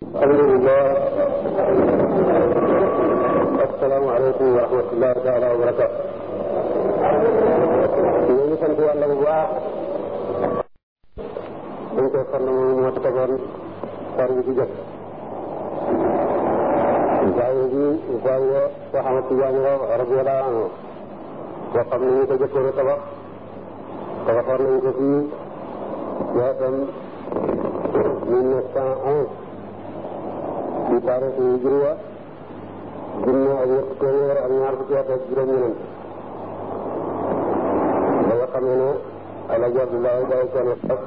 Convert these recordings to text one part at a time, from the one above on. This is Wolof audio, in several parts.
alhamdulillah asalaamaaleykum wa rahmatullahi taala wa barakaatu ñu ngi sant yàlla bu baax dañ koy fan moom moo ci tegoon xar yi di jot zaawiya bi zaawiya Cheikh Ahmad Tidiane la radiyallahu anhu boo xam ne ñu ko jëkkoon a tabax tabaxoon nañ ko fii yoo xam mille neuf cent onze ci taarix yi junne ak ñett téeméer ak ñaar fukki at ak juróom-ñeent ba nga xamee ne Alaaji Abdoulaye Gaye Kane Fass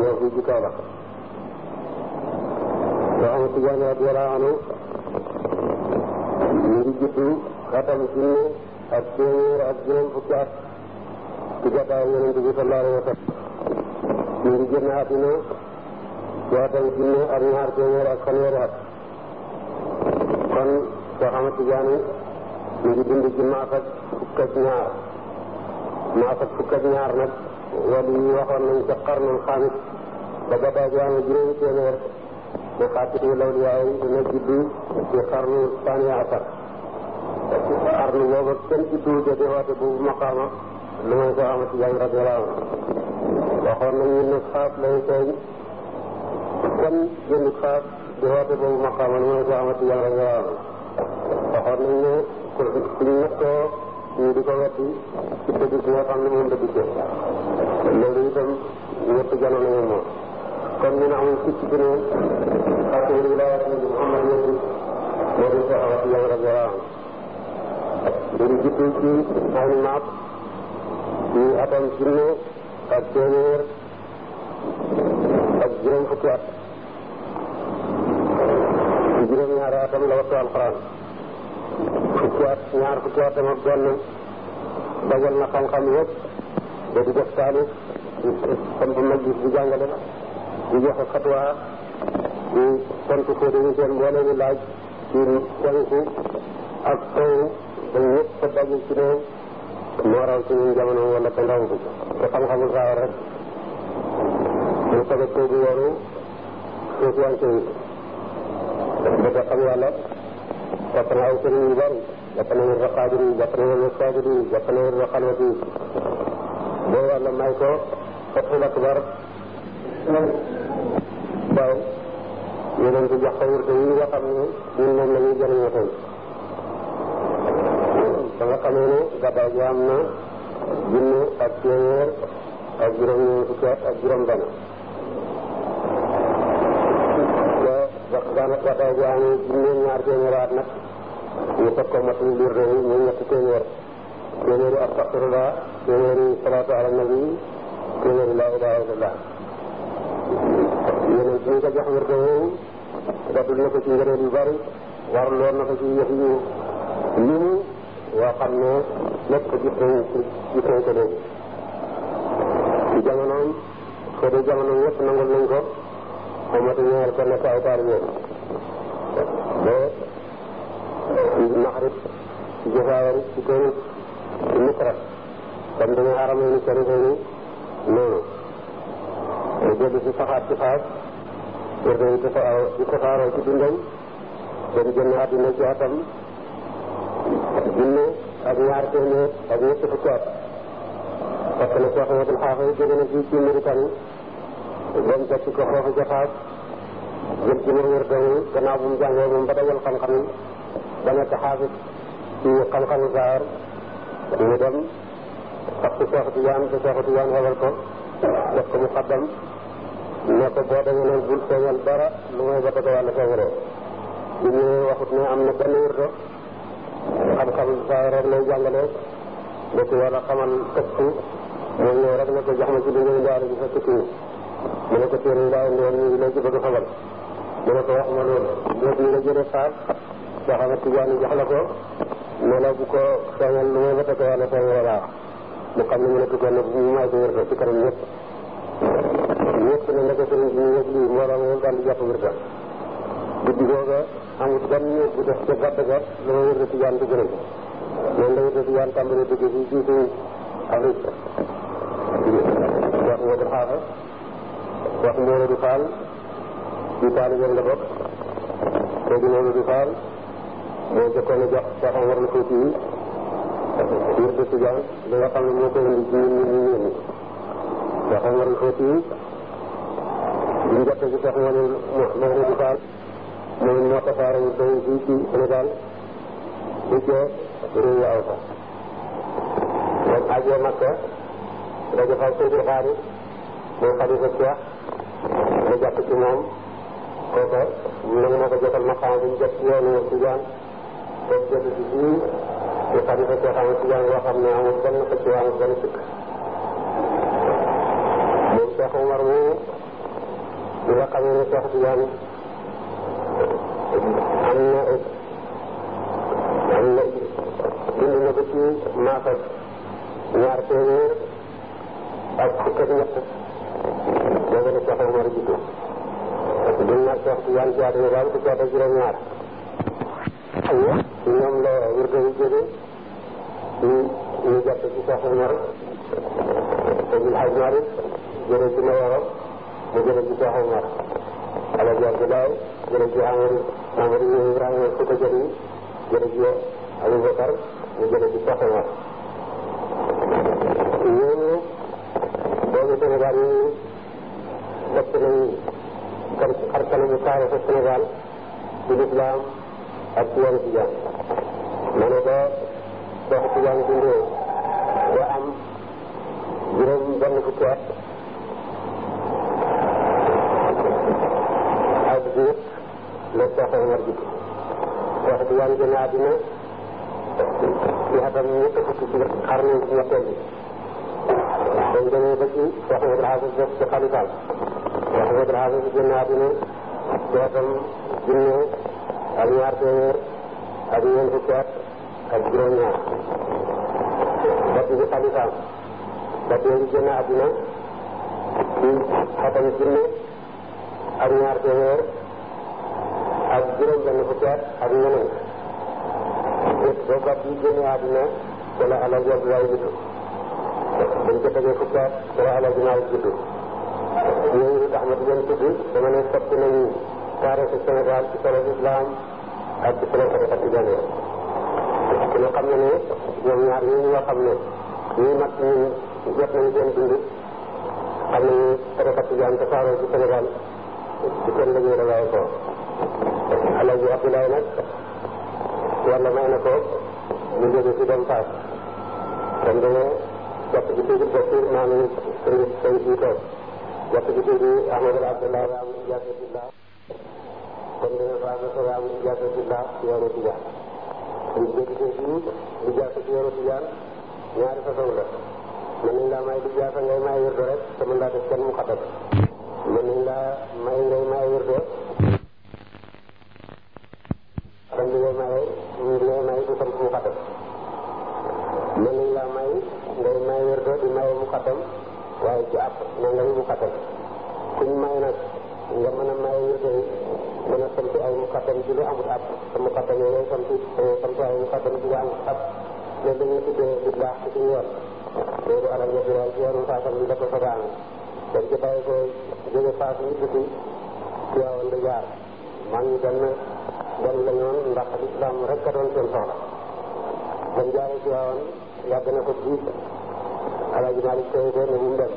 ñoo fi ci Kaolack te am Tijaani radiyallaahu anhu mu ngi juddu xatam junne ak téeméer ak juróom fukki at ci gàddaay Yonent bi sallallaahu alayhi wa sallam mu ngi génn àddina jootañ junne ak ñaar téeméer ak fanweeri at kon Cheikh Ahmad Tidiane mu ngi dund ci maafat fukk ak ñaar maafat fukk ak ñaar nag wala yi waxoon nañ ca xarnul xaamis ba gàddaa gi amee juróomi téeméer mu fàttali law li waaye dina juddu ci xarnu saani asar xarnu boobu kenn juddu wu jotee woote lu may Cheikh Ahmad Tidiane radiyallahu anhu waxoon nañu ne xaaf lay feeñ kon jënd xaas di woote boobu ma xamal mooy a amati yàlla rek la waxoon ne ku ku ñu nettoo ñu di ko wetti ci dëgg si nga xam ne moom la dikkee loolu itam ñett jamono yi moom kon ñu ne amul picc bu ne ak yu ñu laaj ñu Muhammad yëpp loolu ko amati yàlla rek la dañu jikko ci naat ñu atam junne ak téeméer ak juróom fukki at ci juróom ñaari atam la wattu alxuraan fukki at ñaar fukki atam ak benn dajal na xam-xam yëpp da di def taalif xam bu mag di jàngale di joxe fatwa di tontu ko dañu seen mboolem laaj ci tënku ak taw rek mu soog a toogu wooru suuf yaa ngi koy dafa xam yàlla jàpp na aw sëriñ yu bari jàpp na wër xaadir yi jàpp na wër xaadir yi jàpp na wër xalwat yi boo yàlla may ko fatul akbar waaw ñu leen di jox ko wërte yi nga xam ne ñun moom la ñuy jëriñoo tey ba nga xamee ne gàddaay gi am na junne ak téeméer ak juróom-ñeent fukki at ak juróom-benn bana wata bu amee junni ñaar téeméer nag ñu teg ko matul biir réew ñu ñetti téeméer téeméeri astaxfirullah téeméeri salaatu ala nabi téeméeri laa ilaaha illallah yéen ñu ko jox wird woowu dadul na ko ci ngëneel yu bari war loon na ko ci yëf yu limu waa xam ne lépp gis nañ gis nañ ko léegi ci jamonoom jamono yëpp nangul nañ ko xamatu ñeel ko nekk ay taalibe ba maxrib jafaawar ci kër Misra comme dañu xaramee ni sharifayni noonu te jënd si saxaat ci faas pour dañu ko di ko saaroo ci dundam dañu génn àdduna ci atam junne ak ñaar téeméer ak ñetti fukki at parce que ne Cheikh Amadou Xaafa jóge na fii ci Mauritanie ba mu jot ko foofu jafaas nit ki moo wér bu mu jàngee moom ba dajal xam-xam ba nekk xaafis ci xam saar mu dem ak ci Seex Tijaan ba Seex Tijaan xewal ko def ko muqaddam ne ko boo demee noonu bul feeñal lu may ba am na benn wérdo xam-xam saar rek lay jàngale da ci war a xamal këpp moom ñëw rek ne ko jox ma ci li ngay ndaale ji mu ne ko téere ndaale ñu ngi lay ci bëgg mu ne ko wax ma loolu moo bii nga jëlee faal xam ne tijaani jox la ko nee na bu ko feeñal lu may wata ko yàlla feeñal laa mu xam ne mu ne tugoon ne bu ko wërta ci kanam ñëpp ñëpp ne ndeke sëriñ bi ñu yëg lii def ca gàtt gàtt lu ma wërta tijaan Afrique wax nga du xaafa ci taalibeem la bokk léegi loolu di faal moo jëkkoon a jox Cheikh Omar al Fouti yi ngir de Tijaan li nga xam ne moo ko indi ci ñun ñu yónni Cheikh Omar al Fouti yi di njëkk ci Cheikh Omar Mouhamed di faal moom moo ko faaree ba fii ci Sénégal di jëf réew kooka ñun moo ko jotal maqaama bi ñu jot ci yoonu Tijaan jot ci fii di xalifa Cheikh Ahmed Tijaan yoo xam ne amul benn xëccoo amul benn sikk moom Cheikh Omar moom nga xamee ne Cheikh Tijaan am na am na bind na ko ci maafat ñaar téeméer ak fukk ak ñett boobu la Cheikh gën naa Cheikh Tidiane Diatta ñu daal di Diatta juróom-ñaar. ci ñoom la wirde yi jógee ñu ñu jàpp ci Cheikh Omar Seydil Hadj Malick jëlee ci Mayoro mu jëlee ci Cheikh Omar. Alaaji Abdoulaye jëlee ci Amadou Amadou Ibrahima Fouta Diatta yi jëlee ci Aboubacar mu jëlee ci Cheikh Omar. taxaw ko Sénégal ci lislaam ak ci yoonu tijaan ma ne ba Cheikh Tidiane dundee ba am juróom benn fukki at ak biir la Cheikh Omar jikk Cheikh Tidiane génn àddina ci xatam ñett fukki ci xarnu bu ñetteel bi dañ demee ba ci Cheikh Abdou Hafiz def ci xalifaam Cheikh Abdou seetam junne ak ñaar téeméer ak ñeent fukki at ak juróom-ñaar bokk ci xalifaam bokk yooyu génn àdduna ci xatam junne ak ñaar téeméer ak juróom-benn fukki at ak ñeneen ba bokk yi génn àdduna wala alal yàlla lay judd dañ ko tegee fukki at wala alal yooyu tax na di leen tudd dama ne soppi nañu taarixu Sénégal ci solo islam ak ci solo tariqa tijaniya ku ne xam na ne ñoom ñaar ñooñu nga xam ne ñuy mag ñun jot nañu seen dund xam nañu tariqa tijaan tasaaroo ci Sénégal ci seen la ñuy rewaay ko Alaaji Abdoulaye nag yàlla may na ko mu jóge ci dem Faas kon dama jàpp ci Seydi Bachir maa ngi sëñ sëñ waxtu bi suñ bi Ahmad al Abdallah wa am ijaazatillah kon dana fa amee sa am ijaazatillah yoonu tijaan ñu jëkkee fii lijaasa ci yoonu tijaan ñaari façon la mën nañ laa may lijaasa ngay may wirdo rek te mën laa def kenn mu xatal mën nañ laa may ngay may wirdo xam li ngay maye ngay may du sant mu xatal mën nañ laa may ngay may wirdo di maye mu xatal waaye ci àpp na nga mu xatam kuñ may nag nga mën a maye wirde yi mën a sant ay mu xatam ci lu amut àpp te mu xatam yooyu ngay sant sant ay mu xatam ci lu amut àpp loolu dañuy tuddee bu baax ci suñu yoon loolu alal nga dugal ci dañ ci bàyyi ko jóge faas yi dugg ci waawoon da jaar man ñu benn gan la ñoon ndax lislaam rek ka doon seen soxla dañ jaare ci waawoon yàgg na ko alaaji Malick téye ko ne bu mu dem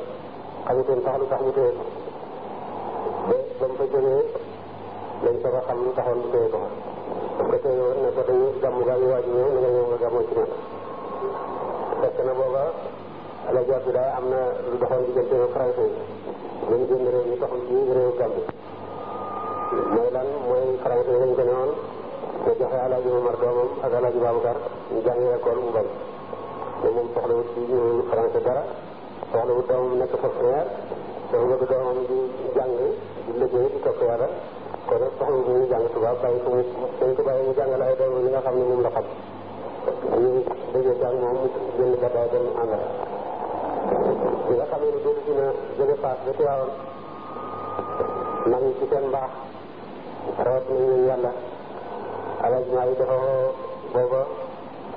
xamutoon sax lu tax mu téye ko ba ba mu fa jógee lañ soog a xam lu taxoon mu téye ko fa. parce que téye ko dañuy gàmm gaa na booba alaaji Abdoulaye am na lu doxoon diggante ak français yi ñu lan mooy français lañ ko ne woon nga joxe alaaji Omar doomam ak alaaji Babacar ñu jàngi école mu bañ. te moom soxlawul ci français dara soxlawul doomam nekk fonctionnaire dafa bëgg doomam di jàng di liggéey di topp yàlla kon nag soxla bu ñu jàng tubaab bàyyi ko mu dañ ko bàyyi mu jàngal ay doomam yi nga xam ne moom la xam ñu déggee jàng moom génn ba day dem ànd ñi nga xam ne ni déllu si na jóge paas ba Tiwaawan mag ñi ci seen mbaax rawat nañu yàlla alaj maa yi dafa booba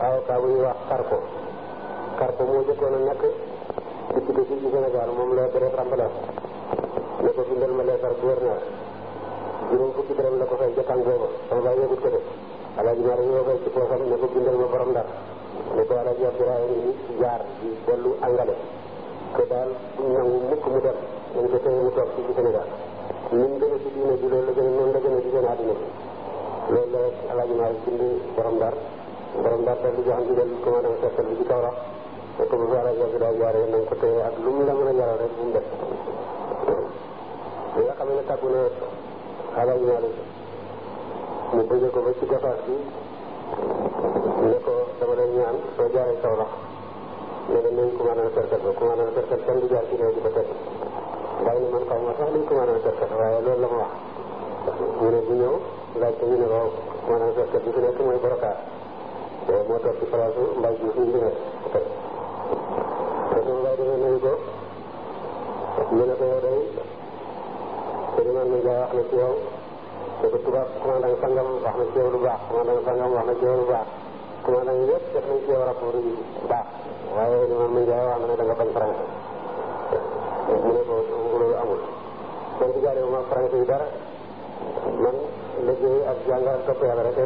awokaa bu ñuy wax xar ko Jakarta moo jëkkoon a nekk député fii ci Sénégal moom la deret remplace ne ko bindal ma leetar gouverneur juróom fukki dërëm la ko fay jotaan booba sama baay yëgut ko de alaaji Maara ñu ko fay ci poosam ne ko bindal ma borom ndar ne ko alaaji Abdoulaye ngi jaar di dellu angale ko daal nangu mukk mu dem ko tey mu toog fii ci Sénégal ni mu gën a ci diine ji loolu la gën a noonu la gën a ci seen àddina la alaaji Maara borom ndar borom ndar dellu joxam ci dellu commandant te bu jaaree boobu daal jaaree nañ ko téye ak lu mu la mën a jaral rek bu mu def li nga na xalaat mu bëgge ko ba ci gafaas bi ne ko dama lay ñaan soo jaaree saw lox ne ne nañ ko maanaam serkat ba ku maanaam serkat na du jaar ci réew di ko teg daal ni man xaw ma sax luñ ko maanaam serkat waaye loolu la ma ko ñu ne ko maanaam serkat bi fi nekk mbay ji fi Ndiaye defee nañ ko ñu ne ko yow day sëriñ Mame Ndiaye wax na ci yow te ko tubaab commandant sangam wax na ci yow lu baax commandant sangam wax na ci yow lu baax commandant yi yëpp def nañ ci yow rapport yu baax waaye li ne da nga bañ français mu ne ko loolu amul kon digaale bu ma français yi man liggéey ak jàngal topp yàlla rek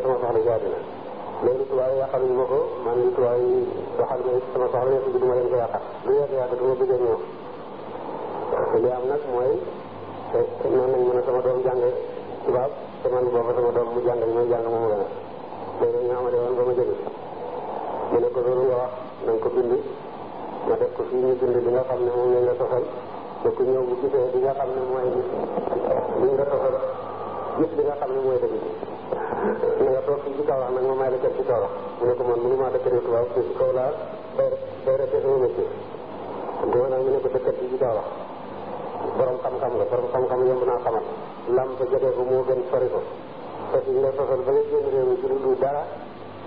loolu tubaab yi yàqal ñu ma ko maanaam tubaab yi doxal ma sama soxla yëpp bi du ma leen ko yàqal lu yàgg yàgg du ma bëgg a ñëw li am nag mooy te noonu lañ mën a sama doom jàng tubaab te man booba sama doom mu jàng li muy jàng moomu gën a loolu ñu xamante woon ba ma jóge mu ne ko loolu nga wax na nga ko bind ma def ko fii ñu bind li nga xam ne moom lañ la sosal te ku ñëw bu gisee li nga xam ne mooy li nga sosal gis li nga xam li nga toog fii ci kaw wax nag ma may la kër ci kaw wax mu ne ko man mënu maa dëkk ne tubaab fii ci kaw laa day day rete sama métier di ma nag mu ne ko dëkkal fii ci kaw wax borom xam-xam nga borom xam-xam yomb naa xamal lam sa jotee ko moo gën sori ko te fi nga sosal ba nga génn réew mi ci lu dul dara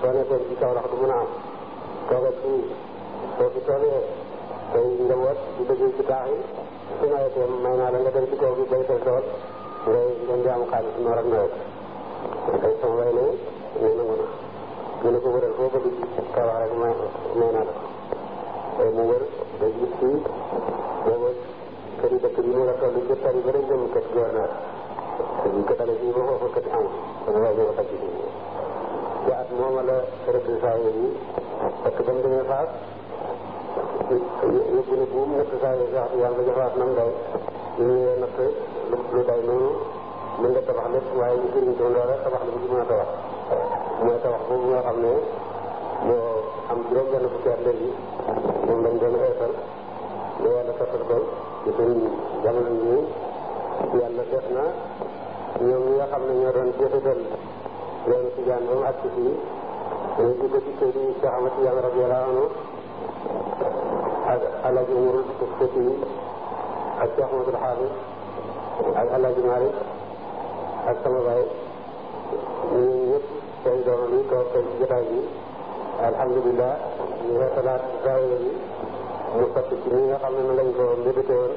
soo nekkoon ci kaw wax du mën a am toogal fii soo fi toolee tey njaboot di dëggee ci taax yi su nawetee may naa la nga dem ci kaw bi bay sa tool ngay ngeen di am xaalis noor ak nawet day sam way ne ne nangu na mu ne ko wëral foo rek may may naa la day mu wër day gis fii booba kër yi dëkk bi mu nga toll ci tari ba rek jëm kër gouverneur te ñu ko dale fii ba foofu kër am sama waay ñoo xaj fii ci at mooma la rëdd saa yi parce que ba mu demee faas yóbbu na buum natt saa yi sax yàlla jafaat nam day ñu natt lu day noonu mën nga tabax lépp waaye ñu gën a loola tabax la bu ci a tabax mooy tabax boobu nga xam ne moo am juróom-benn fukki at léegi moom lañ doon xeetal lu wàllu fettal ko ci seen jamono yi yàlla def na ñoom ñi nga xam ne ñoo doon jëfandal yoonu tijaan ba mu àgg si fii dañu di ko ci Seydi Cheikh Ahmad Tijaan radiyallaahu anhu ak Alaaji Umar Futiyu ak Cheikh Ahmadul Xaafis ak Alaaji Maalik ak sama baay ñun ñëpp tey doon nañu toog tey jotaay bi alhamdulilah ñu xeetalaat daayira mu sotti ci ñi nga xam ne na lañ ko mébété woon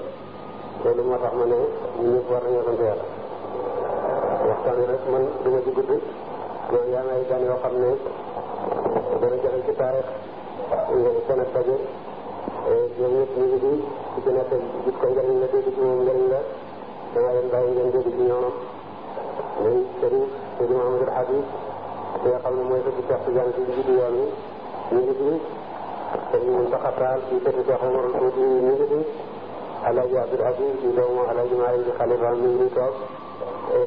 loolu moo tax ma ne ñu ñëpp war nañoo yoo xam ne ko njëriñ la dégg ci bàyyi ngeen dégg ci ñoom mooy sëriñ sëriñ Mamadou Habib bi nga xam ne mooy sëriñ Cheikh Tidiane si njiitu yoon wi ñu ngi fi sëriñ Moustapha Tall si sëriñ Cheikh Omar Fouti ñu ngi fi Alaaji Abdoul Aziz di doomu Alaaji Malick di xalifa mi ngi toog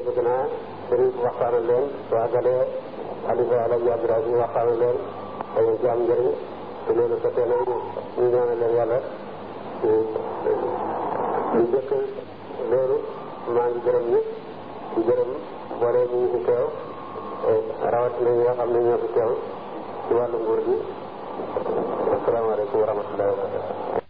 bëgg naa sëriñ waxtaanal leen su àggalee xalifa Alaaji Abdoul Aziz waxtaanal leen dañu ci am njëriñ te loolu sa teel ñu ñaanal leen yàlla di jëkk loolu maa ngi gërëm ñëpp di gërëm mbooleem ñi fi teew eh, rawatina ñi nga xam ne ñoo fi teew ci nguur gi asalaamaaleykum wa rahmatullahi wa barakatu